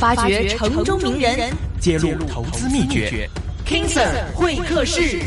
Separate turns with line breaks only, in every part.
發掘城中名人，人，揭露投，投資秘訣。King Sir 會客室。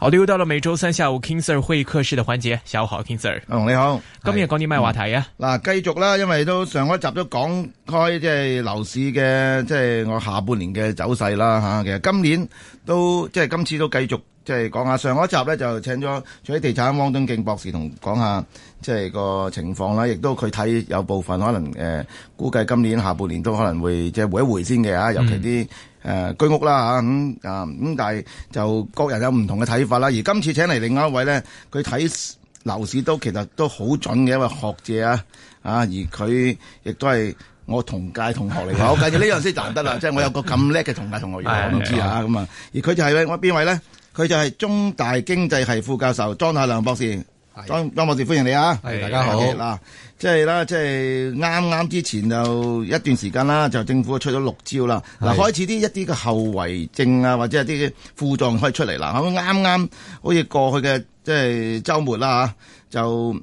好，又到了每周三下午 King Sir 會議客室的環節。下午好，King Sir。
你好。
今日、嗯、講啲咩話題
啊？嗱，繼續啦，因為都上一集都講開，即係樓市嘅，即、就、係、是、我下半年嘅走勢啦吓。其實今年都即係、就是、今次都繼續就是，即係講下上一集呢，就請咗，除咗地產汪敦敬博士同講下，即係個情況啦。亦都佢睇有部分可能誒、呃，估計今年下半年都可能會即係回一回先嘅吓，尤其啲。誒、呃，居屋啦吓咁啊，咁，但係就各人有唔同嘅睇法啦。而今次請嚟另外一位咧，佢睇樓市都其實都好準嘅，一位學者啊啊，而佢亦都係我同屆同學嚟。嘅。 好，跟住呢樣先賺得啦，即係我有個咁叻嘅同屆同學員，我唔知啊。咁、嗯、啊、嗯，而佢就係我邊位咧？佢就係中大經濟系副教授莊太量博士。莊莊博士歡迎你啊！係大家好嗱。即係啦，即係啱啱之前就一段時間啦，就政府出咗六招啦。嗱，開始啲一啲嘅後遺症啊，或者係啲嘅副狀可以出嚟啦。咁啱啱好似過去嘅即係週末啦嚇就。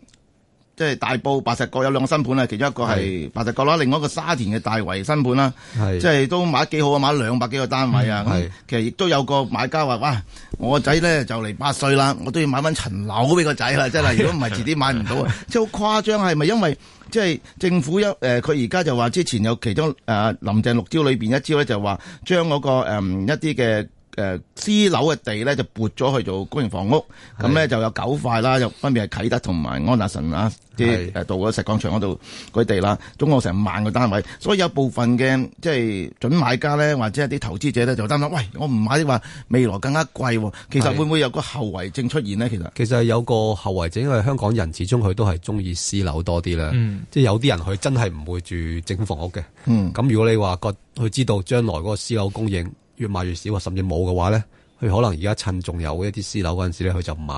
即、就、係、是、大埔白石角有兩個新盤啊，其中一個係白石角啦，另外一個沙田嘅大圍新盤啦，即係、就是、都買得幾好啊，買兩百幾個單位啊、嗯，其實亦都有個買家話哇，我個仔咧就嚟八歲啦，我都要買翻層樓俾個仔啦，即係，如果唔係自己買唔到啊，即係好誇張，係咪因為即係、就是、政府一佢而家就話之前有其中誒、呃、林鄭六招裏邊一招咧就話將嗰、那個、呃、一啲嘅。誒、呃，私樓嘅地咧就撥咗去做公營房屋，咁呢、嗯，就有九塊啦，又分別係啟德同埋安達臣啊，即係誒到咗石崗場嗰度佢地啦，總共有成萬個單位，所以有部分嘅即係準買家咧，或者係啲投資者咧就擔心，喂，我唔買話未來更加貴，啊，其實會唔會有個後遺症出現呢？其實其實有個後遺症，因為
香港人始終佢都係中意私樓多啲啦、嗯，即係有啲人佢真係唔會住政府房屋嘅，咁、嗯、如果你話個佢知道將來嗰個私樓供應，越賣越少，甚至冇嘅話咧，佢可能而家趁仲有一啲私樓嗰陣時咧，佢就唔買。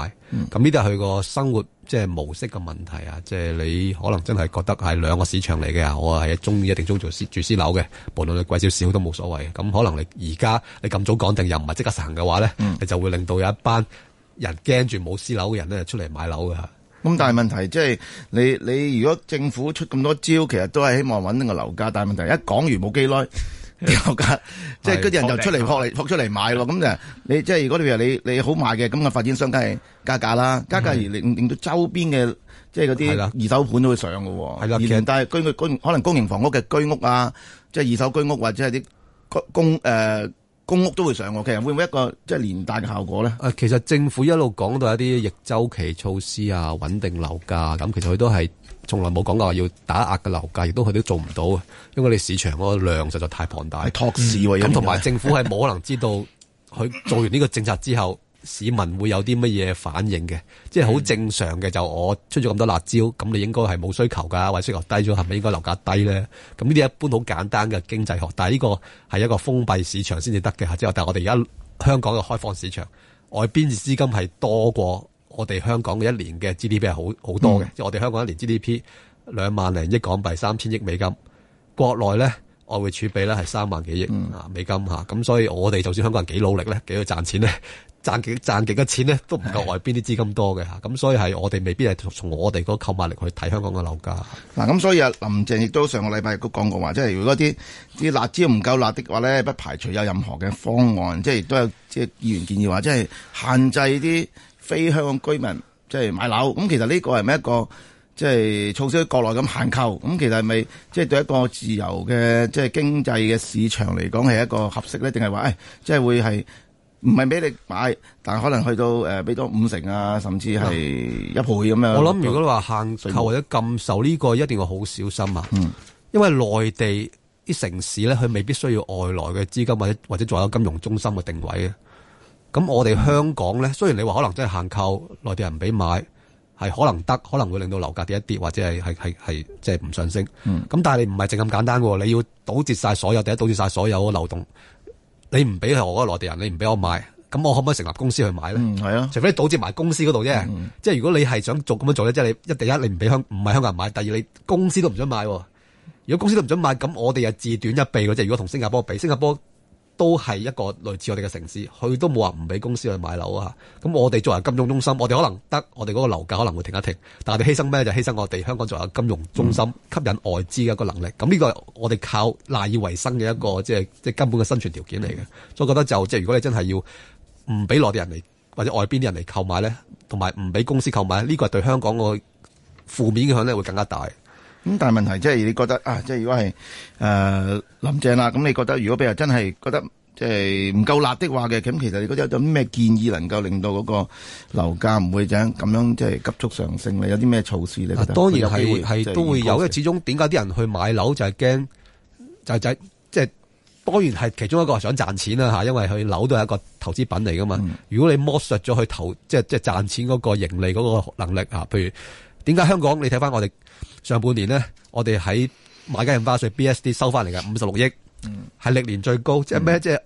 咁呢啲係佢個生活即係模式嘅問題啊！即係你可能真係覺得係兩個市場嚟嘅啊！我係中意一定中意住，住私樓嘅，無論你貴少少都冇所謂。咁可能你而家你咁早講定又唔係即刻
行嘅話咧、嗯，你就會令到有一班人驚住冇私樓嘅人咧出嚟買樓㗎。咁、嗯、但係問題即、就、係、是、你你如果政府出咁多招，其實都係希望穩定個樓價，但係問題一講完冇幾耐。 價， 就是，即係嗰啲人就是，出嚟撲嚟撲出嚟買咯，咁就你即係如果你譬如你你，你好賣嘅，咁個發展商梗係加價啦，加價而令令到周邊嘅即係嗰啲二手盤都會上噶，係啦。其實但係居居可能公營房屋嘅居屋啊，即、就、係、是、二手居屋或者係啲公公誒、呃、公屋都會上，其實會唔會一個即係連帶嘅效果咧？
誒，其實政府一路講到一啲逆周期措施啊，穩定樓價咁，其實佢都係。從來冇講過要打壓嘅樓價，亦都佢都做唔到，因為你市場嗰個量實在太龐大。托市喎，咁同埋政府係冇可能知道佢 做完呢個政策之後，市民會有啲乜嘢反應嘅，即係好正常嘅。就我出咗咁多辣椒，咁你應該係冇需求噶，或者需求低咗，係咪應該樓價低咧？咁呢啲一般好簡單嘅經濟學，但係呢個係一個封閉市場先至得嘅。之後，但係我哋而家香港嘅開放市場，外邊嘅資金係多過。我哋香港嘅一年嘅 GDP 係好好多嘅，即、嗯、係我哋香港一年 GDP 兩萬零億港幣，三千億美金。國內咧，外匯儲備咧係三萬幾億啊美金吓。咁、嗯、所以我哋就算香港人幾努力咧，幾去賺錢咧，賺幾賺幾嘅錢咧，都唔夠外邊啲資金多嘅吓。咁所以係我哋未必
係從我哋嗰個購買力去睇香港嘅樓價。嗱，咁所以啊，林鄭亦都上個禮拜亦都講過話，即係如果啲啲辣椒唔夠辣的話咧，不排除有任何嘅方案，即係亦都有即係議員建議話，即係限制啲。非香港居民即係買樓，咁其實呢個係咪一個即係措施喺國內咁限購？咁其實係咪即係對一個自由嘅即係經濟嘅市場嚟講係一個合適咧？定係話誒，即係會係唔係俾你買？但可能去到誒俾、呃、多五成啊，甚至係一倍咁樣。我諗如果你
話限購或者禁售呢個，一定要好小心啊！嗯、因為內地啲城市咧，佢未必需要外來嘅資金或者或者仲有金融中心嘅定位、啊咁我哋香港咧，雖然你話可能真係限購內地人唔俾買，係可能得，可能會令到樓價跌一跌，或者係係係係即係唔上升。咁、嗯、但係你唔係淨咁簡單喎，你要堵截晒所有，第一堵截晒所有嘅流動，你唔俾我內地人，你唔俾我買，咁我可唔可以成立公司去買咧？係、嗯、啊，除非你堵截埋公司嗰度啫。即係如果你係想做咁樣做咧，即、就、係、是、你一第一你唔俾香唔係香港人買，第二你公司都唔准買。如果公司都唔准買，咁我哋又自斷一臂嗰隻。如果同新加坡比，新加坡，都係一個類似我哋嘅城市，佢都冇話唔俾公司去買樓啊。咁我哋作為金融中心，我哋可能得我哋嗰個樓價可能會停一停，但係我哋犧牲咩，就犧牲我哋香港作為金融中心吸引外資嘅一個能力。咁呢個我哋靠賴以為生嘅一個即係即係根本嘅生存條件嚟嘅。所以我覺得就即係如果你真係要唔俾內地人嚟或者外邊啲人嚟購買咧，同埋唔俾公司購買，呢、呢個對香
港個負面影響咧會更加大。咁但係問題，即係你覺得啊，即係如果係誒、呃、林鄭啦，咁你覺得如果譬如真係覺得即係唔夠辣的話嘅，咁其實你覺得有啲咩建議能夠令到嗰個樓價唔會咁樣即係、就是、急速上升咧？你有啲咩措施咧、啊？當然係、就是、都會有，因為始終點解啲人去買樓就係驚就
是、就即、是、係、就是、當然係其中一個係想賺錢啦嚇，因為佢樓都係一個投資品嚟㗎嘛。如果你剝削咗去投即係即係賺錢嗰個盈利嗰個能力、啊、譬如點解香港你睇翻我哋？上半年呢，我哋喺買家印花稅 B S D 收翻嚟嘅五十六億，係歷年最高。即係咩？嗯、即係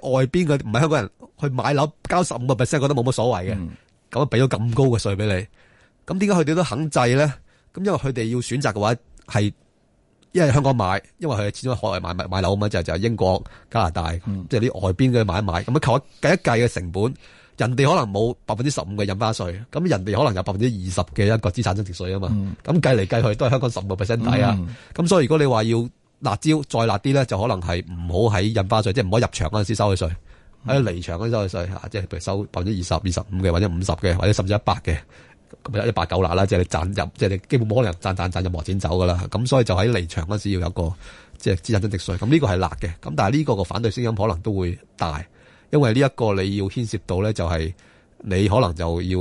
啲外邊嘅唔係香港人去買樓交十五個 percent，覺得冇乜所謂嘅，咁啊俾咗咁高嘅稅俾你。咁點解佢哋都肯制咧？咁因為佢哋要選擇嘅話係，因為香港買，因為佢哋始終海外買買樓啊嘛，就就係、英國、加拿大，即係啲外邊嘅買一買。咁啊，求一計一計嘅成本。人哋可能冇百分之十五嘅印花稅，咁人哋可能有百分之二十嘅一個資產增值稅啊嘛，咁計嚟計去都係香港十五個 percent 底啊，咁所以如果你話要辣招再辣啲咧，就可能係唔好喺印花稅，即係唔好喺入場嗰陣時收嘅稅，喺離場嗰陣收嘅稅，即係譬如收百分之二十、二十五嘅，或者五十嘅，或者甚至一百嘅，咁咪一百夠辣啦，即係你賺入，即係你基本冇可能賺賺賺任何錢走㗎啦，咁所以就喺離場嗰陣時要有個即係資產增值稅，咁呢個係辣嘅，咁但係呢個個反對聲音可能都會大。因為呢一個你要牽涉到咧，就係你可能就要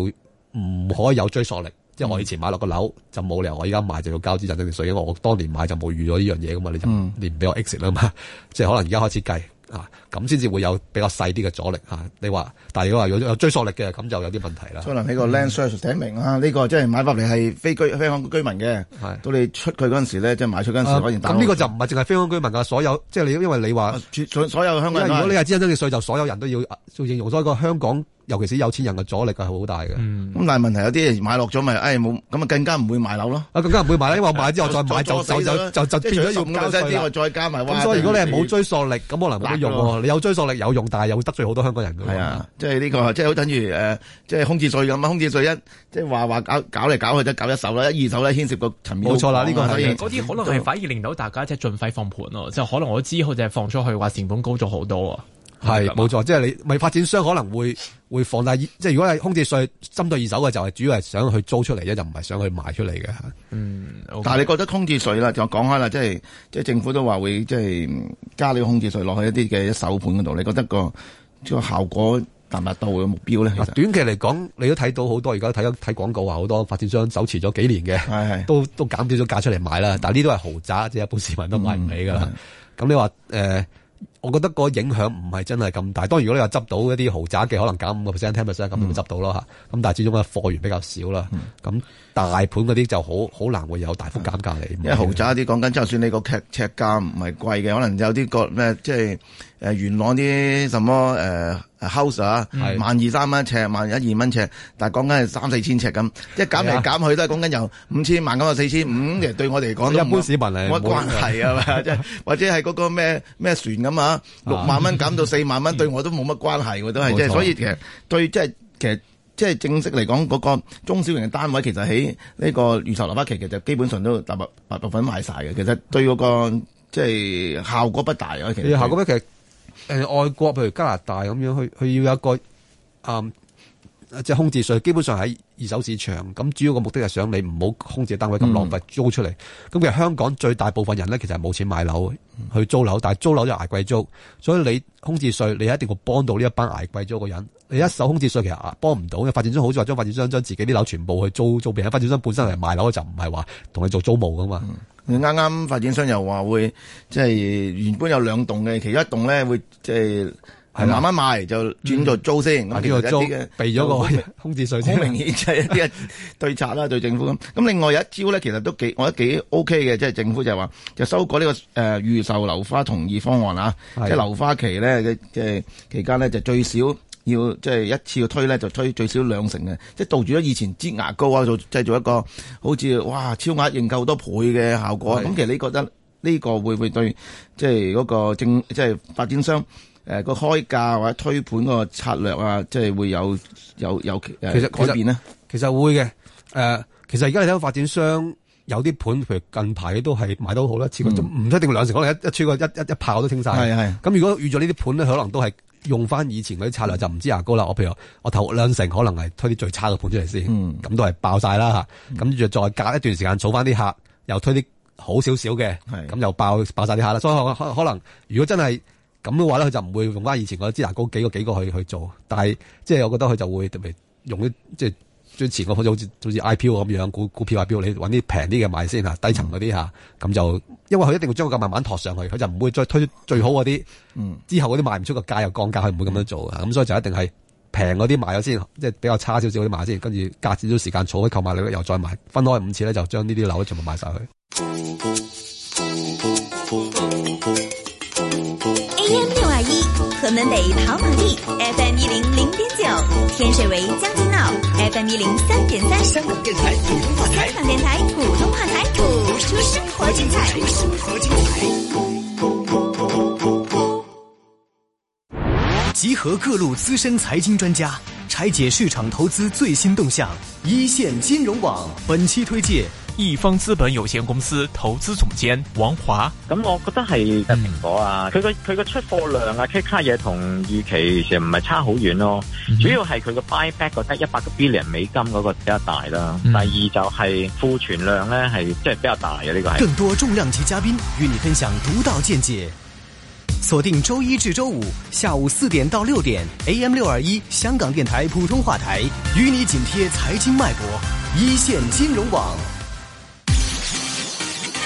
唔可以有追溯力，嗯、即係我以前買落個樓就冇理由我而家買就要交資產增值稅，因為我當年買就冇預咗呢樣嘢噶嘛，你就、嗯、你唔俾我 exit 啦嘛，即係可能而家開始計。啊，咁先至會有比較細啲嘅阻力嚇、啊。你話，但係如果話有有追溯力嘅，咁就有啲問題啦。可、嗯、能、
這個、你個 land search 寫明啊，呢、啊、個即係買翻嚟係非居非香港居民嘅，係到你出佢嗰陣時咧，即係賣出嗰陣時可以打。咁呢個
就唔係淨係非香港居民噶，所有即係、就是、你因為你話，絕、啊、所有香港人。如果你係只因增值稅，就所有人都要就應用咗一個香港。尤其是有錢人嘅阻力係好大嘅，咁但係問題有啲人買落咗咪，唉冇，咁啊更加唔會買樓咯，啊更加唔會買，因為買咗之後再買就就就就就變咗用加劑啲，
再加埋。所以如果你係冇追溯力，咁可能冇用喎，你有追溯力有用，但係又會得罪好多香港人嘅。係啊，即係呢個即係好等於誒，即係空置稅咁啊，空置稅一即係話話，搞搞嚟搞去，即係搞一手啦，一二手咧牽涉個層面。冇錯啦，呢個當然。嗰啲可能係
反而令到大家即係盡快放盤咯，就可能我知佢就係放出去話成本高咗好多啊。係冇錯，即係你咪
發展商可能會會放大，即係如果係空置稅針對二手嘅，就係、是、主要係想去租出嚟
啫，就唔係想去賣出嚟嘅。嗯，OK，但係你覺得空置稅啦，就講開啦，即係即係政府都話會即係加你個空置稅落去一啲嘅一手盤嗰度，你覺得個個效果達唔達到嘅目標咧？短期嚟講，你都睇到好多而家睇睇廣告話好多發
展商手持咗幾年嘅，都都減少咗價出嚟賣啦。但係呢都係豪宅，即係一般市民都買唔起噶啦。咁、嗯、你話誒？呃我覺得個影響唔係真係咁大。當然如果你話執到一啲豪宅嘅，可能減五個 percent、ten percent 咁，咪執到咯吓，咁但係始終嘅貨源比較少啦。咁、嗯。大盤嗰啲就好好難會有大幅減價嚟。一豪宅
啲講緊，就算你個尺尺價唔係貴嘅，可能有啲個咩即係誒元朗啲什麼誒、呃、house 啊，萬二三蚊尺，萬一二蚊尺，但係講緊係三四千尺咁，即係減嚟減去都係講緊由五千萬咁到四千五，其實對我哋嚟講都 一般市民嚟冇乜關係啊嘛，即係或者係嗰個咩咩船咁啊，六萬蚊減到四萬蚊，對我都冇乜關係喎，都係即係，所以其實對即係其實。即係正式嚟講，嗰、那個中小型嘅單位，其實喺呢個預售樓花期，其實基本上都大部分賣晒嘅。其實對嗰、那個即係、就是、效果不大啊。其實效果咧，其實誒、呃、外國譬如加拿大咁樣，去
去要有一個、嗯、即係空置稅，基本上喺二手市場咁，主要個目的係想你唔好空置單位咁浪費租出嚟。咁、嗯、其實香港最大部分人咧，其實係冇錢買樓去租樓，但係租樓就挨貴租，所以你空置稅，你一定會幫到呢一班挨貴租嘅人。你一手空置稅其實幫唔到嘅發展商，好似話將發展商將自己啲樓全部去租租俾
人。發展商本身嚟賣樓就唔係話同你做租務㗎嘛。啱、嗯、啱發展商又話會即係、就是、原本有兩棟嘅，其中一棟咧會即係係慢慢賣就轉做租先。呢、嗯、個租避咗個空置稅先？明顯就係一啲對策啦， 對政府咁咁。另外有一招咧，其實都幾我覺得幾 OK 嘅，即、就、係、是、政府就係話就修改呢個誒、呃、預售樓花同意方案啦，即係樓花期咧嘅係期間呢，就最少。要即係一次要推咧，就推最少兩成嘅，即係倒住咗以前擠牙膏啊，做即係製造一個好似哇超額認購多倍嘅效果。咁其實你覺得呢、這個會唔會對即係嗰、那個政即係發展商誒個、呃、開價或者推盤個策略啊，即係會有有有其實改變呢？其實會嘅，誒，
其實而家、呃、你睇發展商有啲盤，譬如近排都係賣得好啦，超過唔、嗯、一定兩成，可能一一超過一一一炮都清晒。係係。咁如果預咗呢啲盤咧，可能都係。用翻以前嗰啲策略就唔知牙膏啦，我譬如我頭兩成，可能係推啲最差嘅盤出嚟先，咁、嗯、都係爆晒啦嚇。咁、嗯、就再隔一段時間，儲翻啲客，又推啲好少少嘅，咁又爆爆晒啲客啦。所以可可能如果真係咁嘅話咧，佢就唔會用翻以前嗰支牙膏幾個幾個去去做，但係即係我覺得佢就會特別用啲即係。最前個波就好似好似 IPO 咁樣，股股票 IPO 你揾啲平啲嘅買先，賣先低層嗰啲嚇，咁就因為佢一定會將個價慢慢托上去，佢就唔會再推最好嗰啲，嗯，之後嗰啲賣唔出個價又降價，佢唔會咁樣做嘅，咁所以就一定係平嗰啲買咗先，即係比較差少少嗰啲買先，跟住隔少少時間儲啲購買力又再買，分開五次咧就將呢啲樓全部賣晒去。
AM 六二一，河門北跑馬地，FM 一零零點九，天水圍將軍澳 FM 一零三點三。香港電台普通話台，香港電台普通話台，播出生活精彩，出生，生活精彩。集合各路資深財經專家，拆解市場投資最新動向。一線金融網本期推介。億方資本有限公司投資總監王華。咁、嗯、我覺得係蘋果啊，佢個佢個出貨量啊，其卡嘢同預期其實唔係差好遠咯。主要係佢個 buy b a c 一百個 billion 美金嗰個比較大啦，嗯。第二就係庫存量呢係即係比較大嘅，啊、呢、這個係。更多重量級嘉賓與你分享獨到見解，鎖定周一至周五下午四點到六點，AM 六二一香港電台普通話台，與你緊貼財經脈搏，一線金融網。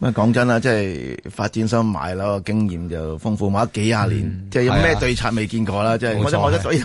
咁講真啦，即係發展商買樓，經驗就豐富，買咗幾廿年，嗯、即係有咩對策未見過啦、嗯。即係我想，我覺得所以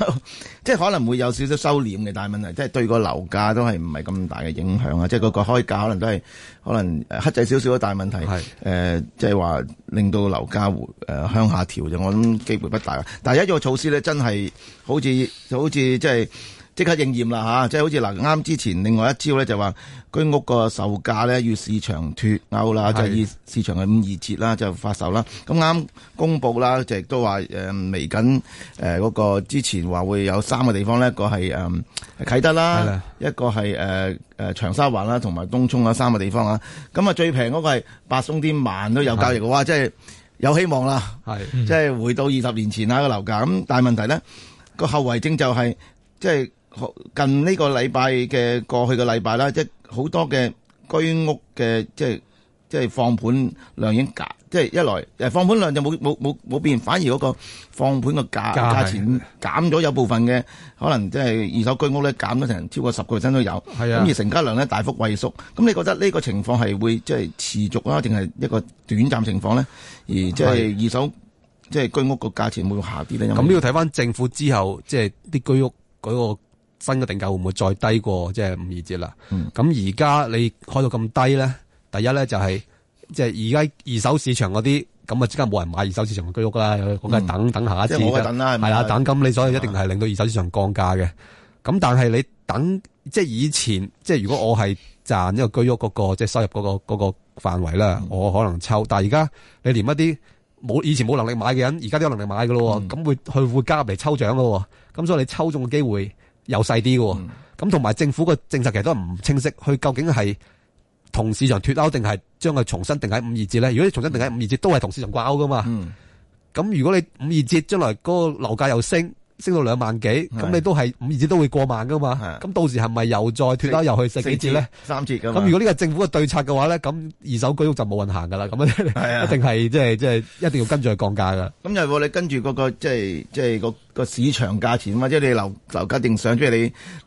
即係可能會有少少收斂嘅大問題，即係對個樓價都係唔係咁大嘅影響啊。即係個個開價可能都係可能、呃、克制少少嘅大問題。誒、呃，即係話令到樓價誒向下調就，我諗機會不大。但係一個措施咧，真係好似好似即係。即刻應驗啦，即係好似嗱，啱之前另外一招咧，就話居屋個售價咧要市場脫鈎啦，就以市場嘅五二折啦就發售啦。咁啱公佈啦，就亦都話誒嚟緊誒嗰個之前話會有三個地方咧，一個係誒啟德啦，一個係誒誒長沙灣啦，同埋東涌啊，三個地方啊。咁啊最平嗰個係八鬆啲萬都有交易嘅，話即係有希望啦。即係回到二十年前啊個樓價咁，但係問題咧個後遺症就係、是、即係。近呢個禮拜嘅過去嘅禮拜啦，即係好多嘅居屋嘅，即係即係放盤量已經減，即係一來誒放盤量就冇冇冇冇變，反而嗰個放盤嘅價價錢減咗，有部分嘅可能即係二手居屋咧減咗成超過十個 percent 都有，係啊，咁而成交量咧大幅萎縮，咁你覺得呢個情況係會即係持續啊，定係一個短暫情況咧？而即係二手即係居屋個價錢會下跌咧？咁呢個睇
翻政府之後即係啲居屋嗰個。新嘅定價會唔會再低過即係、就是、五二折啦？咁而家你開到咁低咧，第一咧就係即係而家二手市場嗰啲咁啊，即刻冇人買二手市場嘅居屋啦。咁梗等、嗯、等下一次，等啦，等咁你所以一定係令到二手市場降價嘅。咁但係你等即係以前，即係如果我係賺一個居屋嗰、嗰個即係收入嗰、嗰個嗰、嗰個範圍咧、嗯，我可能抽。但而家你連一啲冇以前冇能力買嘅人，而家都有能力買㗎咯，咁、嗯、會佢會加入嚟抽獎喎。咁所以你抽中嘅機會。又細啲喎，咁同埋政府個政策其實都唔清晰，佢究竟係同市場脫鈎定係將佢重新定喺五二折咧？如果你重新定喺五二折，都係同市場掛鈎噶嘛？咁如果你五二折將來嗰個樓價又升，升到兩萬幾，咁你都係五二折都會過萬噶嘛？咁到時係咪又再脫鈎又去四幾折咧？
三折噶嘛？咁如果
呢個政府嘅對策嘅話咧，咁二手居屋就冇運行噶啦，咁啊一定係即係即係一定要跟住去降
價噶。咁又喎，你跟住嗰個即係即係個。個市場價錢嘛，即係你樓樓價定上，即係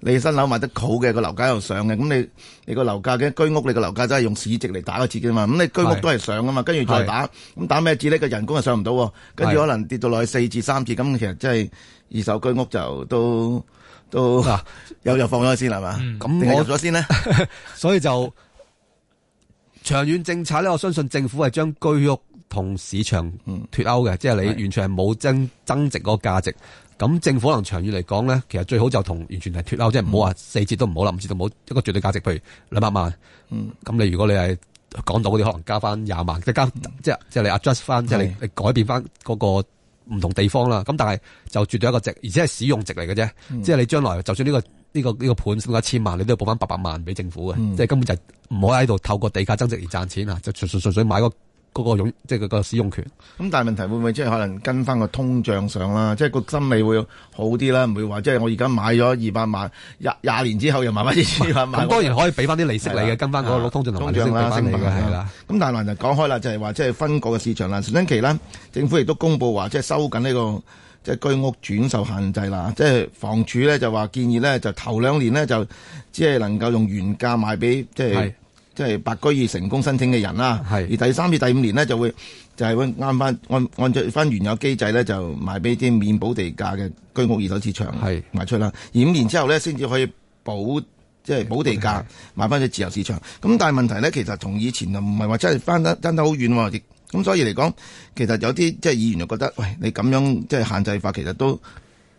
你你新樓賣得好嘅，個樓價又上嘅，咁你你個樓價嘅居屋，你個樓價真係用市值嚟打個折嘅嘛，咁你居屋都係上噶嘛，跟住再打，咁打咩折呢？個人工又上唔到，跟住可能跌到落去四至三折，咁其實真係二手居屋就都都又、啊、又放咗先係嘛？咁、嗯、入咗先呢。 所以就長遠
政策呢，我相信政府係將居屋。同市場脫鈎嘅、嗯，即係你完全係冇增增值嗰個價值。咁政府可能長遠嚟講咧，其實最好就同完全係脫鈎，即係唔好話四折都唔好啦，五折都冇一個絕對價值。譬如兩百萬，咁、嗯、你如果你係港島嗰啲，可能加翻廿萬，即、就、係、是、加，即、嗯、即、就是、你 adjust 翻，即係你改變翻嗰個唔同地方啦。咁但係就絕對一個值，而且係使用值嚟嘅啫。即、嗯、係、就是、你將來就算呢、這個呢、這個呢、這個盤升一千萬，你都要補翻八百萬俾政府嘅，即、嗯、係、就是、根本就唔可以喺度透過地價增值而賺錢啊！就純純純粹買個。嗰個即係個使用權，
咁但係問題會唔會即係可能跟翻個通脹上啦，即係個心理會好啲啦，唔會話即係我而家買咗二百萬，廿廿年之後又慢慢二百萬，咁當然可以
俾翻啲利息你嘅，跟翻個通脹同埋漲啦，
咁但係難就講開啦，就係話即係分割嘅市場啦。上星期啦，政府亦都公布話即係收緊呢個即係居屋轉售限制啦，即係房署咧就話建議呢，就頭兩年呢，就只係能夠用原價賣俾即係。就是即係白居二成功申請嘅人啦、啊，而第三至第五年呢，就會就係會啱翻按按照翻原有機制咧，就賣俾啲免補地價嘅居屋二手市場賣出啦。而五年之後呢，先至可以補即係補地價買翻去自由市場。咁但係問題呢，其實同以前就唔係話真係翻得爭得好遠喎。咁所以嚟講，其實有啲即係議員就覺得，喂、哎，你咁樣即係、就是、限制法，其實都。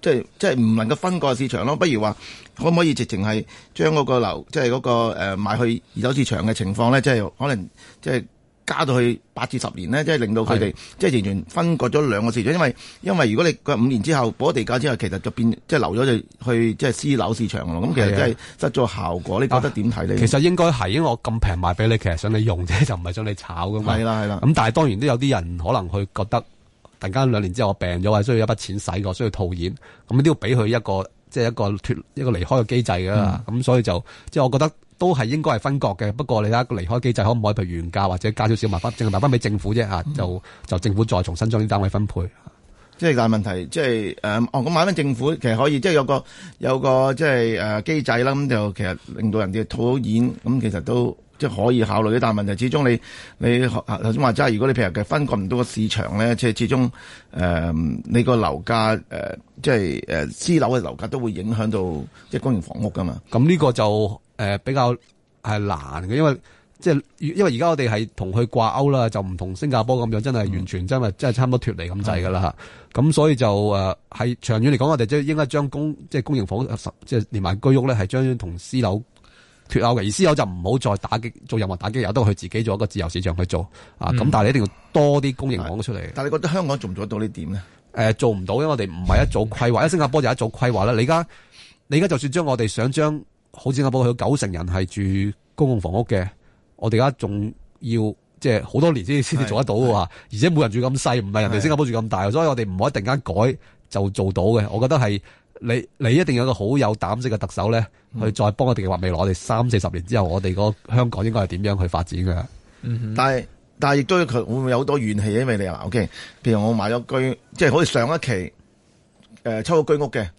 即係即係唔能夠分割市場咯，不如話可唔可以直情係將嗰個樓，即係嗰個誒賣去二手市場嘅情況呢？即係可能即係加到去八至十年呢，即係令到佢哋即係完全分割咗兩個市場，因為因為如果你五年之後補地價之後，其實就變即係流咗就去即係私樓市場咯，咁其實即係失咗效果。你覺得點睇呢？其實
應該係，因為我咁平賣俾你，其實想你用啫，就唔係想你炒噶嘛。係啦係啦。咁但係當然都有啲人可能去覺得。突然間兩年之後我病咗，係需要一筆錢使，我需要套現，咁都要俾佢一個即係一個脫一個離開嘅機制噶啦。咁、嗯、所以就即係我覺得都係應該係分割嘅。不過你睇下個離開機制可唔可以譬如原價或
者加少少麻返淨係賣翻俾政
府啫、嗯、就就政府再重新將啲單位分配。
即係但係問題即係誒，哦咁賣翻政府其實可以，即係有個有個即係誒機制啦。咁就其實令到人哋套到現咁其實都。即係可以考慮呢，但係問題始終你你頭先話齋係如果你譬如嘅分割唔到個市場呢、呃呃，即係始終誒你個樓價誒，即係誒私樓嘅樓價都會影響到即係公營房屋㗎嘛。咁呢個就誒、呃、比較係難嘅，因為即係、就是、因為而家我哋係
同佢掛鈎啦，就唔同新加坡咁樣，真係完全、嗯、真係差唔多脫離咁滯㗎啦嚇。咁、嗯、所以就誒係、呃、長遠嚟講，我哋即係應該將公即係公營房屋即係連埋居屋咧，係將同私樓。脱歐為而私有，就唔好再打擊、做任何打擊，也都去自己做一個自由市場去做、嗯、啊！咁但係你一定要多啲公營房出嚟。但係你覺得香港做唔做到呢點呢？誒、呃，做唔到，因為我哋唔係一組規劃，新加坡就係一組規劃啦。你而家你而家就算將我哋想將好似新加坡去到九成人係住公共房屋嘅，我哋而家仲要即係好多年先先至做得到嘅，而且每人住咁細，唔係人哋新加坡住咁大，所以我哋唔可以定間改就做到嘅。我覺得係。你你一定要有一個好有膽識嘅特首咧，去再幫我哋嘅畫未來，嗯、我哋三四十年之後，我哋嗰香港應該係點樣去發展嘅？嗯，
但係但係亦都佢會唔會有好多怨氣？因為你話，OK，譬如我買咗居，即係好似上一期誒、呃、抽咗居屋嘅。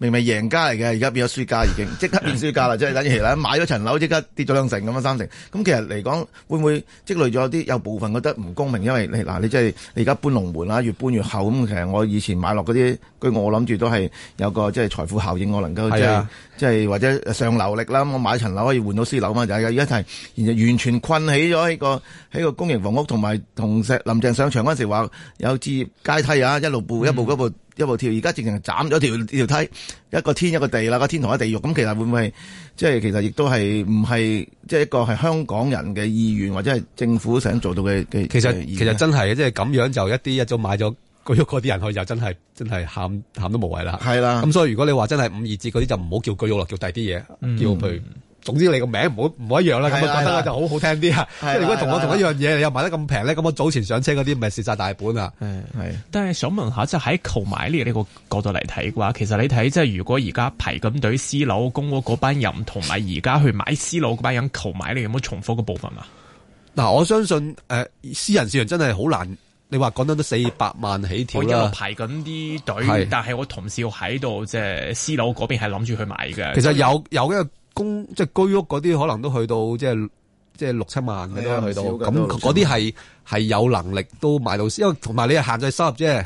明明贏家嚟嘅，而家變咗輸家已經，即刻變輸家啦！即 係等於咧，買咗層樓，即刻跌咗兩成咁樣三成。咁其實嚟講，會唔會積累咗啲？有部分覺得唔公平，因為你嗱，你即、就、係、是、你而家搬龍門啦，越搬越厚咁。其實我以前買落嗰啲，據我諗住都係有個即係、就是、財富效應，我能夠即係、啊就是、或者上流力啦。我買層樓可以換到私樓嘛？就係、是、而家一係完全困起咗喺個喺個公營房屋同埋同石林鄭上場嗰陣時話有置業階梯啊，一路步一步嗰步。嗯。一部跳，而家直情係斬咗條梯，一個天一個地啦，個天堂一個地獄。咁其實會唔會即係其實亦都係唔係即係一個係香港人嘅意願，或者係政府想做到嘅嘅？其實其實真
係即係咁樣就一啲一早買咗居屋嗰啲人去，就真係真係喊喊都無謂啦。係啦，咁所以如果你話真係五二折嗰啲，就唔好叫居屋咯，叫第啲嘢叫譬如。總之你個名唔好唔好一樣啦，咁覺得我就好好聽啲啊！即係如果同我同一樣
嘢，你又買得咁平咧，咁我早前上車嗰啲咪蝕晒大本啊！係，但係想問下，即係喺購買呢呢個角度嚟睇嘅話，其實你睇即係如果而家排緊隊私樓公屋嗰班人，同埋而家去買私樓嗰班人購買，你有冇重複嘅部分啊？嗱，我相信誒，私人市場真係好難。你話講得都四百萬起跳啦，排緊啲隊，但係我同事喺度即係私樓嗰邊係諗住去買嘅。其實有有一
個。公即係居屋嗰啲，可能都去到即係即係六七萬嘅都去到咁嗰啲，係係有能力都買到，因為同埋你係限制收入啫。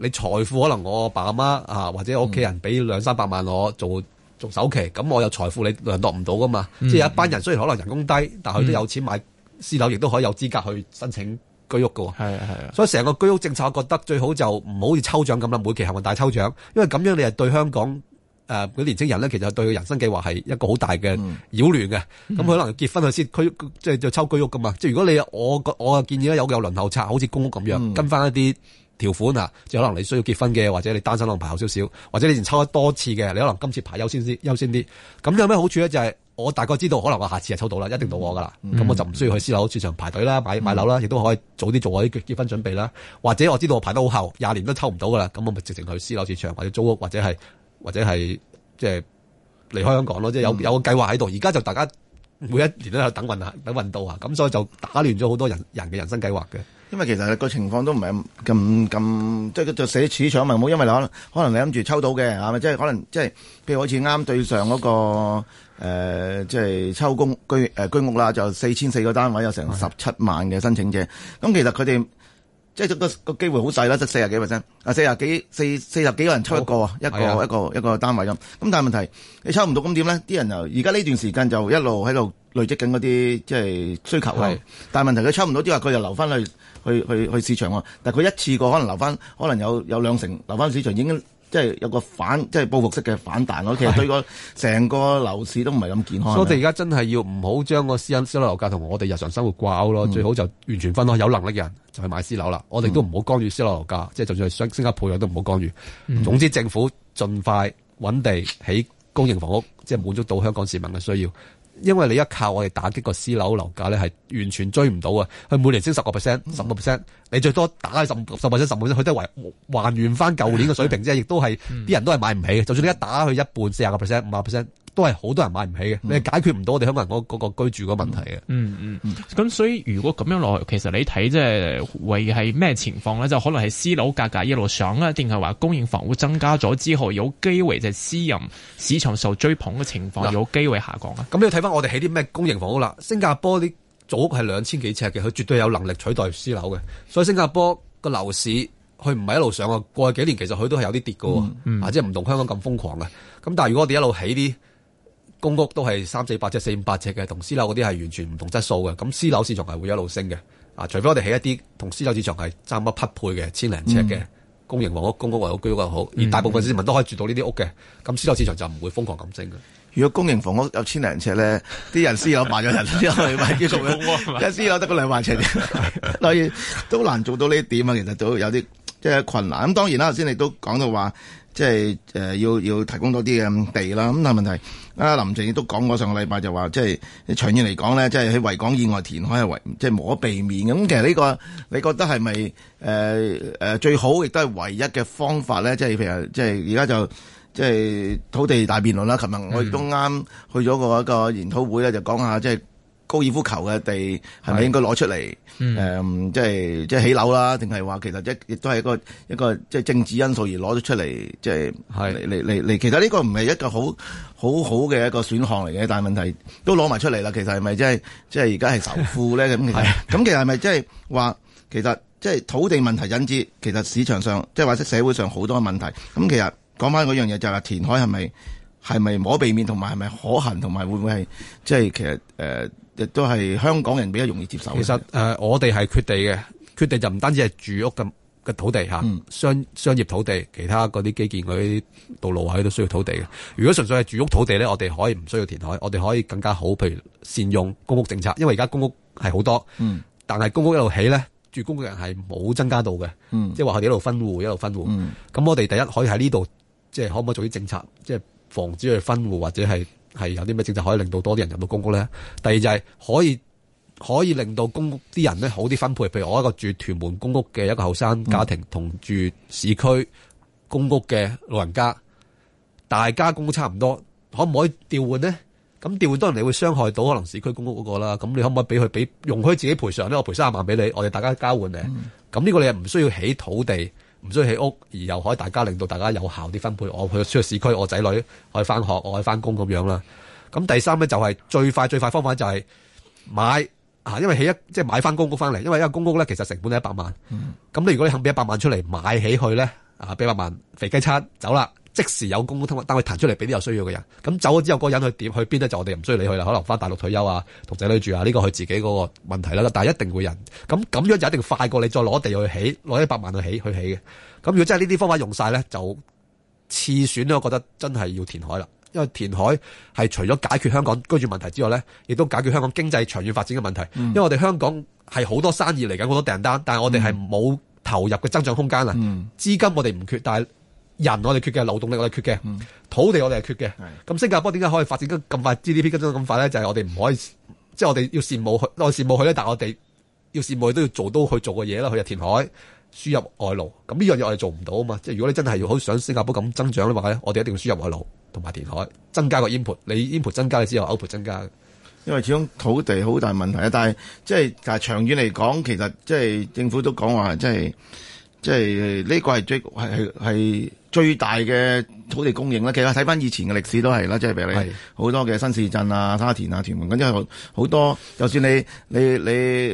你財富，可能我阿爸阿媽啊，或者屋企人俾兩三百萬我做、嗯、做首期，咁我有財富你量度唔到噶嘛。嗯、即係一班人雖然可能人工低，嗯、但佢都有錢買、嗯、私樓，亦都可以有資格去申請居屋噶。喎、嗯。所以成個居屋政策，我覺得最好就唔好似抽獎咁啦，每期行運大抽獎，因為咁樣你係對香港。誒、啊，年青人呢，其實對人生計劃係一個好大嘅擾亂嘅。咁、嗯、佢、嗯、可能結婚去先，即係做抽居屋噶嘛。即如果你我我建議有個有輪候冊，好似公屋咁樣、嗯、跟翻一啲條款啊。就可能你需要結婚嘅、嗯，或者你單身可能排後少少，或者你連抽咗多次嘅，你可能今次排優先啲，優先啲。咁有咩好處呢？就係、是、我大概知道，可能我下次係抽到啦，一定到我噶啦。咁、嗯、我就唔需要去私樓市場排隊啦，買買樓啦，亦、嗯、都可以早啲做我啲結婚準備啦。或者我知道我排得好後，廿年都抽唔到噶啦，咁我咪直情去私樓市場或者租屋或者係。或者係即係離開香港咯，即係有有個計劃喺度。而家就大家每一年都有等運啊，等運到啊，咁所以就打亂咗好多人
人嘅人生計劃嘅。因為其實個情況都唔係咁咁，即係就寫紙搶問號。因為可能可能你諗住抽到嘅係咪？即係可能即係譬如好似啱對上嗰個即係抽公居誒居屋啦，就四千四個單位有成十七萬嘅申請者。咁其實佢哋。即係個機會好細啦，得四十幾 percent 啊四廿幾四四十幾個人抽一個，一個啊，一個一個一個單位咁。咁但係問題，你抽唔到咁點咧？啲人又而家呢段時間就一路喺度累積緊嗰啲即係需求。但係問題佢抽唔到話，即係佢就留翻去去去去市場喎。但係佢一次過可能留翻，可能有有兩成留翻市場已經。即係有個反，即係報復式嘅反彈咯。其實對個成個樓市都唔係咁健康。所以我哋而
家真係要
唔好將個
私隱私樓樓價同我哋日常生活掛鈎咯。最好就完全分開。有能力人就去買私樓啦。我哋都唔好干預私樓樓價，即、嗯、係、就是、就算升升價鋪位都唔好干預、嗯。總之，政府盡快揾地起公營房屋，即係滿足到香港市民嘅需要。因為你一靠我哋打擊個私樓樓價咧，係完全追唔到啊！佢每年升十個 percent、十個 percent，你最多打去十 percent、十五 percent，佢都還還原翻舊年嘅水平，即係亦都係啲人都係買唔起嘅。就算你一打去一半四十個 percent、五十 percent。都係好多人買
唔起嘅、嗯，你解決唔到我哋香港人嗰嗰個居住個問題嘅。嗯嗯，咁、嗯、所以如果咁樣落去，其實你睇即係會係咩情況咧？就可能係私樓價格一路上咧，定係話供應房屋增加咗之後，有機會就係私人市場受追捧嘅情況，有機會下降啊。咁你要睇翻我哋起啲咩公營房屋啦。新加坡啲組屋係兩千幾尺嘅，佢絕對
有能力取代私樓嘅。所以新加坡個樓市佢唔係一路上啊，過去幾年其實佢都係有啲跌嘅、嗯嗯，啊，即係唔同香港咁瘋狂嘅。咁但係如果我哋一路起啲。公屋都係三四百尺、四五百尺嘅，同私樓嗰啲係完全唔同質素嘅。咁私樓市場係會一路升嘅啊，除非我哋起一啲同私樓市場係差唔多匹配嘅千零尺嘅公營房屋、公屋或者居屋又好，而大部分市民都可以住到呢啲屋嘅。咁私樓市場就唔會瘋狂咁升嘅。如果公營房
屋有千零尺咧，啲人， 人私樓賣咗人 私樓，咪叫做咩烏？一私樓得個兩萬尺，所 以 都難做到呢一點啊。其實都有啲即係困難。咁當然啦，頭先你都講到話，即係誒、呃、要要提供多啲嘅地啦。咁但係問題。啊，林鄭亦都講過上個禮拜就話，即係長遠嚟講咧，即係喺維港以外填海即係無可避免。咁其實呢個，你覺得係咪誒誒最好亦都係唯一嘅方法咧？即係譬如，即係而家就即係土地大辯論啦。琴日我亦都啱去咗個一個研討會咧，就講下即係高爾夫球嘅地係咪應該攞出嚟？誒、嗯嗯，即係即係起樓啦，定係話其實一亦都係一個一個即係、即係、政治因素而攞咗出嚟？即係係嚟嚟嚟。其實呢個唔係一個好好好嘅一個選項嚟嘅，但係問題都攞埋出嚟啦。其實係咪即係即係而家係仇富咧？咁 其實咁其實係咪即係話其實即係土地問題引致其實市場上即係話即係社會上好多嘅問題。咁其實講翻嗰樣嘢就係、話、填海係咪係咪可避免同埋係咪可行同埋會唔會係即係其實誒，呃亦都係香港人比較容易接受。其實誒、呃，我
哋係缺地嘅，缺地就唔單止係住屋嘅
嘅土地吓，嗯、商商業土地、
其他嗰啲基建嗰啲道路啊，度都需要土地嘅。如果純粹係住屋土地咧，我哋可以唔需要填海，我哋可以更加好，譬如善用公屋政策，因為而家公屋係好多。嗯、但係公屋一路起呢，住公屋人係冇增加到嘅。即係話佢哋一路分戶，一路分戶。咁、嗯、我哋第一可以喺呢度，即係可唔可以做啲政策，即係防止佢分戶或者係。係有啲咩政策可以令到多啲人入到公屋咧？第二就係可以可以令到公屋啲人咧好啲分配，譬如我一個住屯門公屋嘅一個後生家庭，同住市區公屋嘅老人家，大家公屋差唔多，可唔可以調換呢？咁調換當然你會傷害到可能市區公屋嗰個啦。咁你可唔可以俾佢俾容許自己賠償呢？我賠三十萬俾你，我哋大家交換嘅。咁呢個你係唔需要起土地。唔需要起屋，而又可以大家令到大家有效啲分配。我去出去市區，我仔女可以翻學，我去翻工咁樣啦。咁第三咧就係、是、最快最快方法就係買啊，因為起一即係買翻公屋翻嚟，因為一個公屋咧其實成本係一百萬。咁、嗯、你如果你肯俾一百萬出嚟買起去咧啊，俾一百萬肥雞餐走啦。即時有公屋通，但佢彈出嚟俾啲有需要嘅人。咁走咗之後，個人去點去邊呢？我就我哋唔需要你去啦。可能翻大陸退休啊，同仔女住啊，呢個佢自己嗰個問題啦。但係一定會人咁咁樣就一定快過你再攞地去起，攞一百萬去起去起嘅。咁如果真係呢啲方法用晒咧，就次選呢我覺得真係要填海啦。因為填海係除咗解決香港居住問題之外咧，亦都解決香港經濟長遠發展嘅問題。嗯、因為我哋香港係好多生意嚟緊好多訂單，但係我哋係冇投入嘅增長空間啦。資、嗯、金我哋唔缺，但係。人我哋缺嘅，勞動力我哋缺嘅，土地我哋係缺嘅。咁、嗯、新加坡點解可以發展得咁快 GDP 增長咁快咧？就係、是、我哋唔可以，即、就、係、是、我哋要羨慕佢，我羨慕佢咧。但係我哋要羨慕，都要做到做去做嘅嘢啦。就填海、輸入外勞。咁呢樣嘢我哋做唔到啊嘛。即係如果你真係要好想新加坡咁增長嘅話呢，我哋一定要輸入外勞同埋填海，增加個 input。你 input 增加
嘅，之後，output 增加。因為始終土地好大問題啊。但係即係但係長遠嚟講，其實即係政府都講話即係。就是即係呢個係最係係係最大嘅土地供應啦。其實睇翻以前嘅歷史都係啦，即係譬如你好多嘅新市鎮啊、沙田啊、屯門咁，因為好多。就算你你你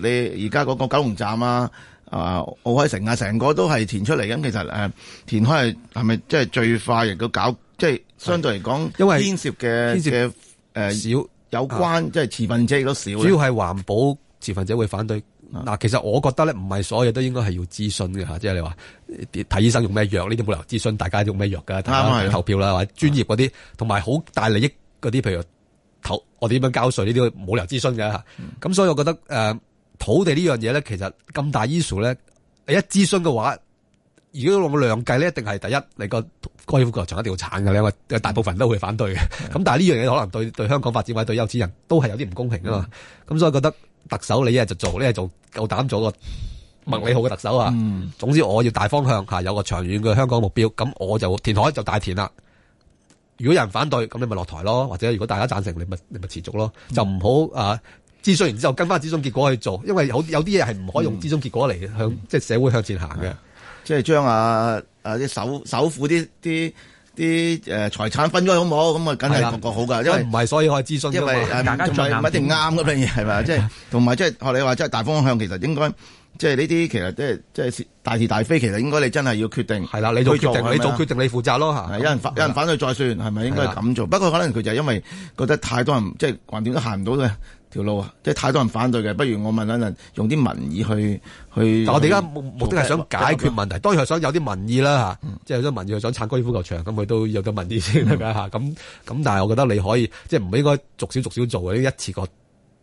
你而家嗰個九龍站啊、啊奧海城啊，成個都係填出嚟，咁。其實誒填開係係咪即係最快搞，亦都搞即係相對嚟講，因為牽涉嘅牽涉嘅誒少有關、啊、即係持份者亦都少。主要係環保持份者會反對。嗱，
其實我覺得咧，唔係所有嘢都應該係要諮詢嘅吓，即係你話睇醫生用咩藥，呢啲冇理由諮詢，大家用咩藥噶，大家投票啦，或者專業嗰啲，同埋好大利益嗰啲，譬如投我哋點樣交稅，呢啲冇理由諮詢嘅吓。咁、嗯、所以我覺得，誒、呃，土地呢樣嘢咧，其實咁大 issue 咧，一諮詢嘅話，如果用量計呢，一定係第一，你個高爾夫球場一定要鏟嘅，因為大部分人都會反對嘅。咁但係呢樣嘢可能對對香港發展或者對有錢人都係有啲唔公平啊嘛。咁、嗯、所以我覺得。特首你一日就做，你係做夠膽做個
麥理浩嘅特首啊、嗯！
總之我要大方向吓，有個長遠嘅香港目標，咁我就填海就大填啦。如果有人反對，咁你咪落台咯，或者如果大家贊成，你咪你咪持續咯，就唔好、嗯、啊！諮詢完之後跟翻諮詢結果去做，因為有有啲嘢係唔
可以用諮詢結果嚟向、嗯、即係社會向前行嘅、嗯嗯，即係將啊啊啲首首富啲啲。手手啲誒財產分咗好唔好？咁啊梗係同個好噶，因為唔係，所以，所以可以諮詢。因為大家唔一定啱咁樣嘢係咪？即係同埋即係學你話，即係大方向其實應該，即係呢啲其實即係即係大是大非，其實應該你真係要決定。係啦，你做決定，你做決定，你做決定，你負責咯嚇。有人有人反對再算，係咪應該咁做？不過可能佢就因為覺得太多人，即係橫掂都行唔到嘅。條路啊，即係太多人反對嘅，不如我問一陣，用啲民意去去。但係我哋而家目目的係想解決問題，當然係想有啲民意啦嚇，即係有啲民
意想撐高爾夫球場，咁佢都有得問啲先，明唔明咁咁，但係我覺得你可以即係唔應該逐少逐少做，呢一次過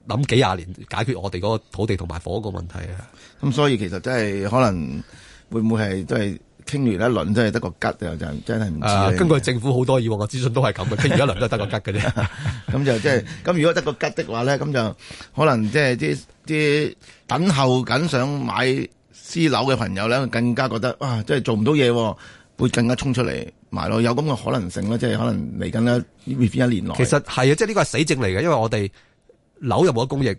諗幾廿年解決我哋嗰個土地同埋火嗰個問題啊！
咁、嗯、所以其實真係可能會唔會係都係？清完一輪真係得個吉就真係唔知啊，根據政府好多以往嘅資訊都係咁嘅。而家一輪都係得個吉嘅啫。咁 就即係咁，如果得個吉的話咧，咁就可能即係啲啲等候緊想買私樓嘅朋友咧，更加覺得哇，即係做唔到嘢，會更加沖出嚟埋咯。有咁嘅可能性咧，即係可能嚟緊咧一年內其實係啊，即係呢個係死
症嚟嘅，因為我哋樓又冇得供應。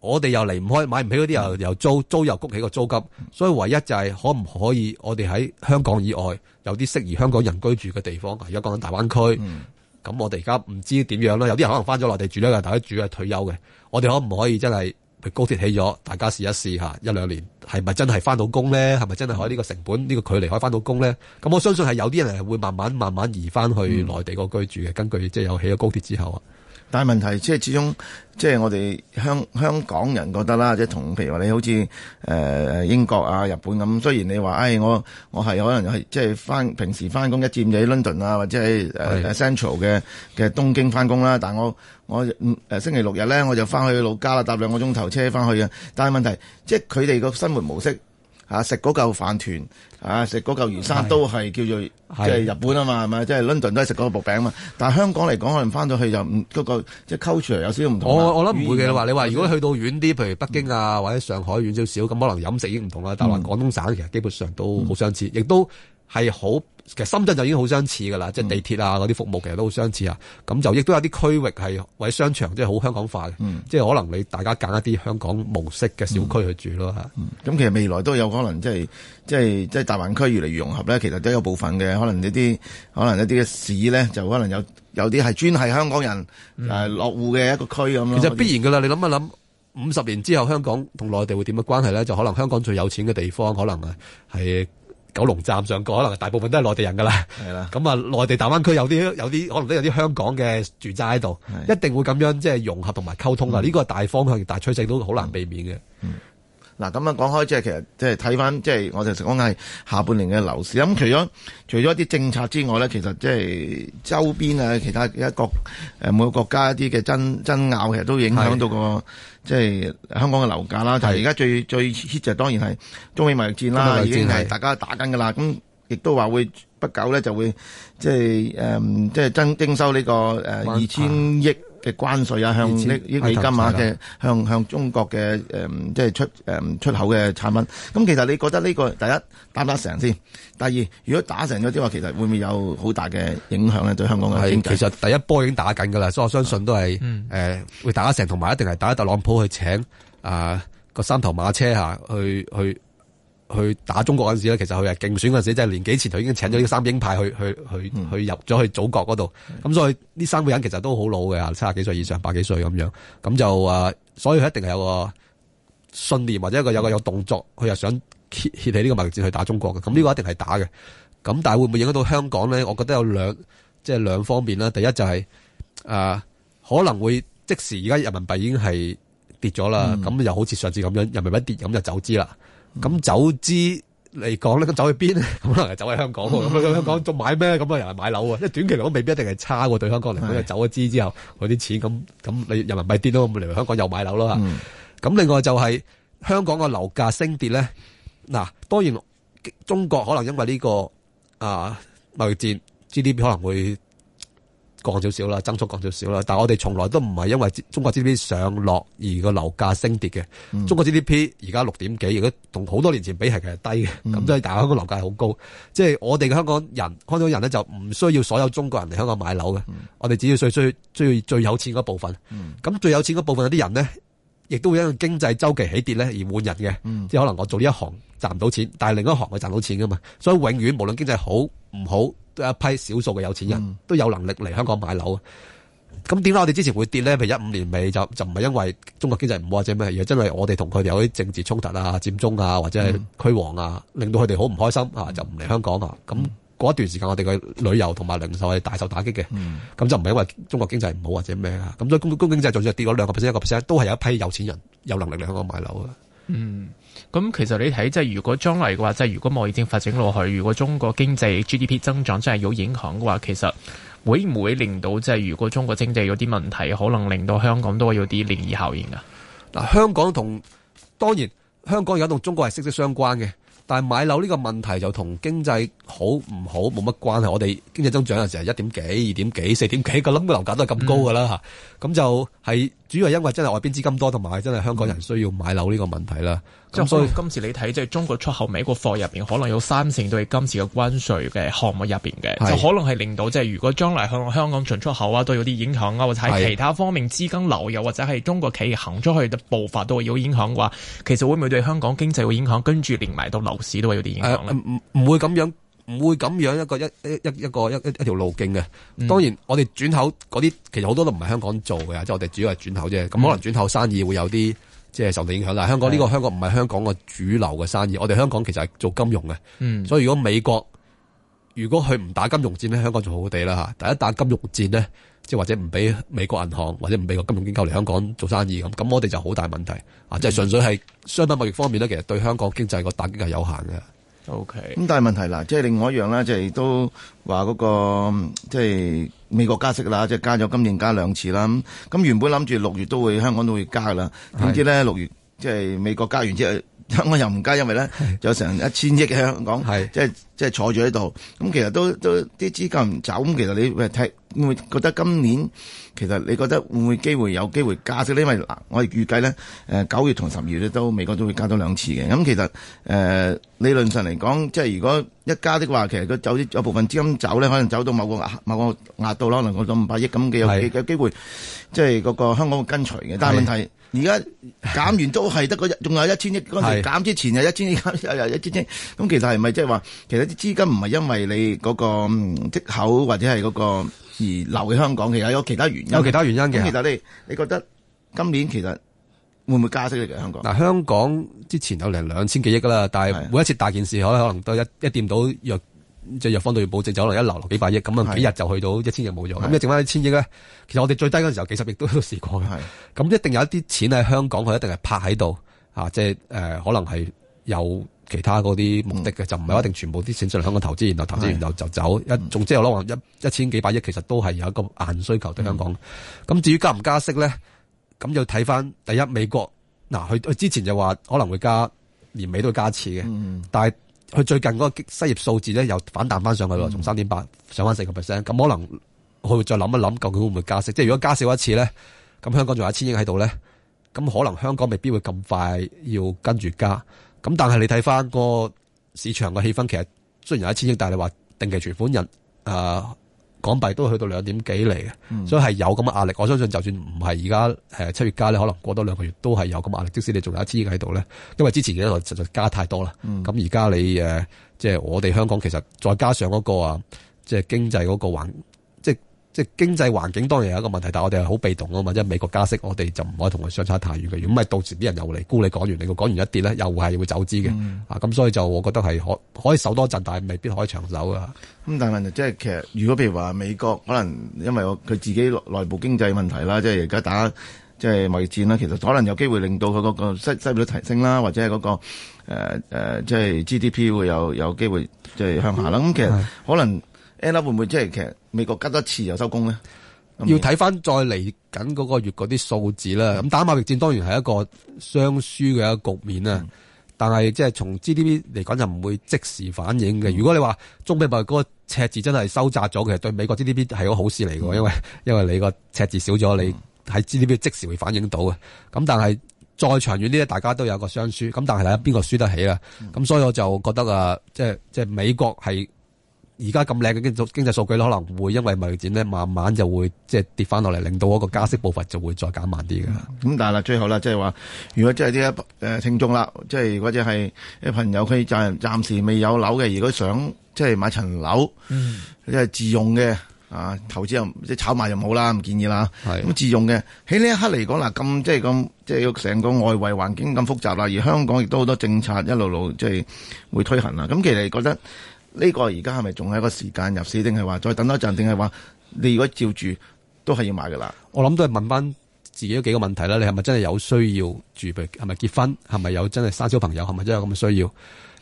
我哋又離唔開買唔起嗰啲又又租，租又谷起個租金，所以唯一就係可唔可以我哋喺香港以外有啲適宜香港人居住嘅地方，而家講緊大灣區。咁、嗯、我哋而家唔知點樣啦，有啲人可能翻咗內地住咧，但係都主要係退休嘅。我哋可唔可以真係高鐵起咗，大家試一試下一兩年，係咪真係翻到工咧？係咪真係可以呢個成本呢個距離可以翻到工咧？咁我相信係有
啲人係會慢慢慢慢移翻去內地個居住嘅、嗯。根據即係有起咗高鐵之後啊。但係問題，即係始終，即係我哋香香港人覺得啦，即係同譬如話你好似誒英國啊、日本咁，雖然你話，誒我我係可能係即係翻平時翻工一陣就喺 London 啊，或者係 Central 嘅嘅東京翻工啦，但係我我星期六日咧，我就翻去老家啦，搭兩個鐘頭車翻去啊。但係問題，即係佢哋個生活模式。啊！食嗰嚿飯團，啊食嗰嚿魚生都係叫做即係、就是、日本啊嘛，係咪？即係倫敦都係食嗰個薄餅嘛。但香港嚟講，可能翻到去就唔嗰、那個即係溝出 e 有少少唔同。我我諗唔會嘅話，你話如果去
到遠啲，譬如北京啊或者上海遠少少，咁可能飲食已經唔同啦。但係廣東省其實基本上都好相似，亦都係好。其實深圳就已經好相似㗎啦，即係地鐵啊嗰啲服務其實都好相似啊。咁就亦都有啲區域係或者
商場，即係好香港化嘅、嗯，即係可能你大家揀一啲香港模式嘅小區去住咯嚇。咁、嗯嗯、其實未來都有可能即係即係即係大灣區越嚟越融合咧，其實都有部分嘅可能呢啲可能一啲嘅市呢，就可能有有啲係專係香港人、嗯啊、落戶嘅一個區，咁其實必然㗎啦，你諗一諗，五十年之後香港同內地會點嘅關係咧？
就可能香港最有錢嘅地方，可能係係。九龍站上過，可能大部分都係內地人㗎啦。係啦，咁啊內地大灣區有啲有啲，可能都有啲香港嘅住宅喺度，一定會咁
樣即係、就是、融合同埋溝通啦。呢個係大方向、大趨勢都好難避免嘅。嗯嗯嗱咁樣，講開即係其實即係睇翻，即係我就成講係下半年嘅樓市。咁除咗除咗一啲政策之外咧，其實即係周邊啊，其他一國每個國家一啲嘅爭爭拗，其實都影響到個即係香港嘅樓價啦。就而、是、家最最 hit 就是、當然係中美貿易戰啦，已經係大家打緊噶啦。咁亦都話會不久咧就會即係誒即係增徵收呢、這個誒二千億。呃嘅關稅啊，向呢呢個金啊嘅向向中國嘅誒、嗯，即係出誒、嗯、出口嘅產品。咁其實你覺得呢、呢個第一打唔打成先？第二，如果打成咗之後，其實會唔會有好大嘅影響咧？對香港嘅係其實
第一波已經打緊㗎啦，所以我相信都係誒、呃、會打成，同埋一定係打特朗普去請啊個、呃、三頭馬車嚇去去。去去打中國嗰陣時咧，其實佢係競選嗰陣時，即係年幾前佢已經請咗呢三英派去去去去入咗去祖國嗰度。咁、嗯、所以呢三個人其實都好老嘅，七十幾歲以上，百幾歲咁樣。咁就啊，所以佢一定係有個信念或者一個有個有動作，佢又想揭起呢個文字去打中國嘅。咁呢個一定係打嘅。咁但係會唔會影響到香港呢？我覺得有兩即係兩方面啦。第一就係，呃，可能會即時而家人民幣已經係跌咗啦。咁、嗯、又好似上次咁樣，人民幣跌，咁就走資啦。咁、嗯、走資嚟講咧，咁走去邊咧？可能係走喺香港，咁、嗯、香港仲買咩？咁啊，又係買樓啊！即係短期嚟講，未必一定係差過對香港嚟講，就走咗資之後，嗰啲錢咁咁，你人民幣跌到咁，咪嚟香港又買樓囉。吓、嗯。咁另外就係、是、香港個樓價升跌咧。嗱，當然中國可能因為呢、這個啊貿易戰，GDP 可能會。降少少啦，增速降少少啦，但係我哋從來都唔係因為中國 GDP 上落而個樓價升跌嘅。中國 GDP 而家六點幾，如果同好多年前比係其實低嘅，咁所以大係香港樓價好高。即、就、係、是、我哋嘅香港人，香港人咧就唔需要所有中國人嚟香港買樓嘅、嗯。我哋只需要最需，需要最有錢嗰部分。咁、嗯、最有錢嗰部分有啲人咧，亦都會因為經濟週期起跌咧而換人嘅、嗯。即係可能我做呢一行賺唔到錢，但係另一行我賺到錢噶嘛。所以永遠無論經濟好。唔好都係一批少數嘅有錢人都有能力嚟香港買樓啊！咁點解我哋之前會跌呢？譬如一五年尾就就唔係因為中國經濟唔好或者咩，而係真係我哋同佢哋有啲政治衝突啊、佔中啊或者係驅蝗啊，令到佢哋好唔開心啊、嗯，就唔嚟香港啊！咁、嗯、嗰一段時間我哋嘅旅遊同埋零售係大受打擊嘅，咁、嗯、就唔係因為中國經濟唔好或者咩啊！咁所以公
公經濟就算係跌咗兩個 percent 一個 percent，都係一批有錢人有能力嚟香港買樓啊！嗯。咁其實你睇，即係如果將來嘅話，即係如果貿易戰發展落去，如果中國經濟 GDP 增長真係有影響嘅話，其實會唔會令到即係如果中國經濟有啲問題，可能令到香港都有啲漣漪效應啊？嗱，香港同當然香港而
家同中國係息息相關嘅，但係買樓呢個問題就同經濟好唔好冇乜關係。我哋經濟增長有時係一點幾、二點幾、四點幾，那個諗嘅樓價都係咁高噶啦吓，咁、嗯、就
係、是。主要係因為真係外邊資金多同埋，真係香港人需要買樓呢個問題啦。咁、嗯、所以今次你睇即係中國出口美國貨入邊，可能有三成對今次嘅關稅嘅項目入邊嘅，就可能係令到即係、就是、如果將來向香港進出口啊，都有啲影響啊，或者喺其他方面資金流入，或者係中國企業行出去嘅步伐都會有影響嘅話，其實會唔會對香港經濟有影響？跟住連埋到樓市都會有啲影響呢。唔、啊、唔、呃、會咁樣。唔會咁樣，一個一
一一一個一一條路徑嘅。嗯、當然，我哋轉口嗰啲，其實好多都唔係香港做嘅，即係我哋主要係轉口啫。咁、嗯、可能轉口生意會有啲即係受到影響。但係香港呢、這個香港唔係香港嘅主流嘅生意。我哋香港其實係做金融嘅，嗯、所以如果美國如果佢唔打金融戰呢，香港仲好好地啦，吓。但係一打金融戰呢，即係或者唔俾美國銀行或者唔俾個金融機構嚟香港做生意咁，咁我哋就好大問題啊！即係純粹係商品貿易方面呢，其實對香港經濟個打擊係有限嘅。
O K，咁但係問題嗱，即係另外一樣啦，就係都話嗰個即係美國加息啦，即係加咗今年加兩次啦。咁原本諗住六月都會香港都會加啦，點知咧六月即係美國加完之後。我又唔加，因為咧有成一千億喺香港，即係即係坐住喺度。咁其實都都啲資金唔走，咁其實你會睇會，會覺得今年其實你覺得會唔會機會有機會加息呢？因為嗱，我哋預計咧誒九月同十月咧都美國都會加多兩次嘅。咁其實誒、呃、理論上嚟講，即係如果一加的話，其實佢走啲有部分資金走咧，可能走到某個壓某個額度咯，可能夠到五百億咁嘅有幾嘅機會，即係嗰個香港會跟隨嘅。但係問題。而家減完都係得嗰，仲有一千億。嗰陣時減之前有一千億，又一千億。咁其實係咪即係話，其實啲資金唔係因為你嗰個即口，或者係嗰個而留喺香港，其實有其他原因。有其他原因嘅。其實你，你覺得今年其實會唔會加息嚟嘅香港？嗱，香港之前有嚟
兩千幾億噶啦，但係每一次大件事可能都一一掂到約。即係藥方都要保證，就可能一流流幾百億，咁啊幾日就去到一千億冇咗，咁你剩翻一千億咧，其實我哋最低嗰陣時候幾十億都都試過嘅，咁一定有一啲錢喺香港，佢一定係拍喺度啊，即係誒、呃，可能係有其他嗰啲目的嘅，嗯、就唔係一定全部啲錢上嚟香港投資，然後投資完就就走，一總即係攞一一千幾百億，其實都係有一個硬需求對香港。咁、嗯、至於加唔加息咧，咁要睇翻第一美國嗱，佢、啊、之前就話可能會加，年尾都會加次嘅，嗯、但係。佢最近嗰個失業數字咧又反彈翻上去喎，從三點八上翻四個 percent，咁可能佢會再諗一諗，究竟會唔會加息？即係如果加息一次咧，咁香港仲有一千億喺度咧，咁可能香港未必會咁快要跟住加。咁但係你睇翻個市場個氣氛，其實雖然有一千億，但係你話定期存款人啊。呃港幣都去到兩點幾嚟嘅，所以係有咁嘅壓力。我相信就算唔係而家誒七月加咧，可能過多兩個月都係有咁嘅壓力。即使你仲有一支喺度咧，因為之前嘅一輪實在加太多啦。咁而家你誒，即係我哋香港其實再加上嗰個啊，即係經濟嗰個環。即係經濟環境當然有一個問題，但我哋係好被動啊嘛，即係美國加息，我哋就唔可以同佢相差太遠嘅，如果唔係到時啲人又嚟沽你，講完你講完一跌咧，又係會，會
走資嘅、嗯、啊！咁所以就我覺得係可可以守多陣，但係未必可以長守啊。咁、嗯、但係問題即係其實，如果譬如話美國可能因為佢自己內部經濟問題啦，即係而家打即係貿易戰啦，其實可能有機會令到佢嗰個失失率提升啦，或者係、那、嗰個、呃呃、即係 GDP 會有有機會即係向下啦。咁、嗯、其實可能。n 會唔會即係其實美國得一次又收工咧？要睇翻再嚟緊嗰個
月嗰啲數字啦。咁打貿易戰當然係一個雙輸嘅局面啦，但係即係從 GDP 嚟講就唔會即時反映嘅。如果你話中美貿易嗰個赤字真係收窄咗，其實對美國 GDP 係一個好事嚟嘅，因為因為你個赤字少咗，你喺 GDP 即時會反映到嘅。咁但係再長遠啲咧，大家都有個雙輸。咁但係睇下邊個輸得起啊？咁所以我就覺得啊，即係即係美國係。而家咁靚嘅經數經濟數據可能會因為貿易戰慢慢就會即係跌翻落嚟，令到嗰個加息步伐就會
再減慢啲㗎、嗯。咁但係啦，最後啦，即係話，如果即係啲誒聽眾啦，即係或者係朋友佢暫暫暫時未有樓嘅，如果想即係買層樓，即、嗯、係自用嘅啊，投資又即係炒賣又唔好啦，唔建議啦。係咁自用嘅，喺呢一刻嚟講啦咁即係咁，即係成個外圍環境咁複雜啦，而香港亦都好多政策一路路即係會推行啦。咁其實覺得。呢個而家係咪仲係一個時間入市，定係話再等多陣，定係話你如果照住都係要買㗎啦？我諗都係問翻
自己幾個問題啦。你係咪真係有需要住備？係咪結婚？係咪有真係生小朋友？係咪真係有咁嘅需要？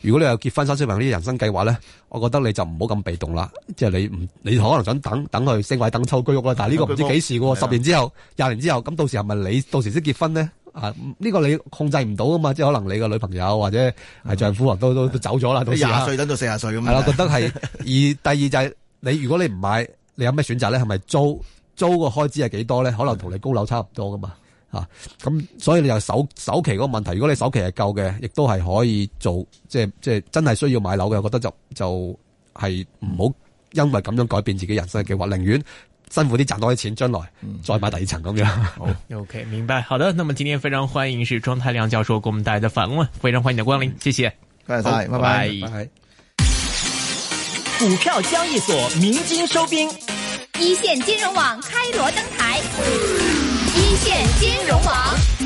如果你有結婚生小朋友呢啲人生計劃咧，我覺得你就唔好咁被動啦。即係你唔你可能想等等佢四位等湊居屋啦，但係呢個唔知幾時嘅，十年之後、廿年之後咁，到時係咪你到時先結婚呢？啊，呢、這個你控制唔到噶嘛，即係可能你個女朋友或者係丈夫都、嗯、都都，都走咗啦，到、嗯、廿歲等
到四十歲咁樣，係啦，覺得係
二， 而第二就係、是、你如果你唔買，你有咩選擇咧？係咪租？租個開支係幾多咧？可能同你供樓差唔多噶嘛，吓、啊、咁，所以你就首首期嗰個問題，如果你首期係夠嘅，亦都係可以做，即係即係真係需要買樓嘅，我覺得就就係唔好因為咁樣改變自己人生嘅話，寧願。辛苦啲賺多啲錢，將來再買第二層咁、嗯、樣。O、okay,
K，、okay, 明白。好的，那麼今天非常歡迎是莊太量教授給我們帶來的訪問，非常歡迎你的光臨、嗯，謝謝，拜拜，拜拜，拜拜。股票交易所鳴金收兵，一線金融網開鑼登台，一線金融網。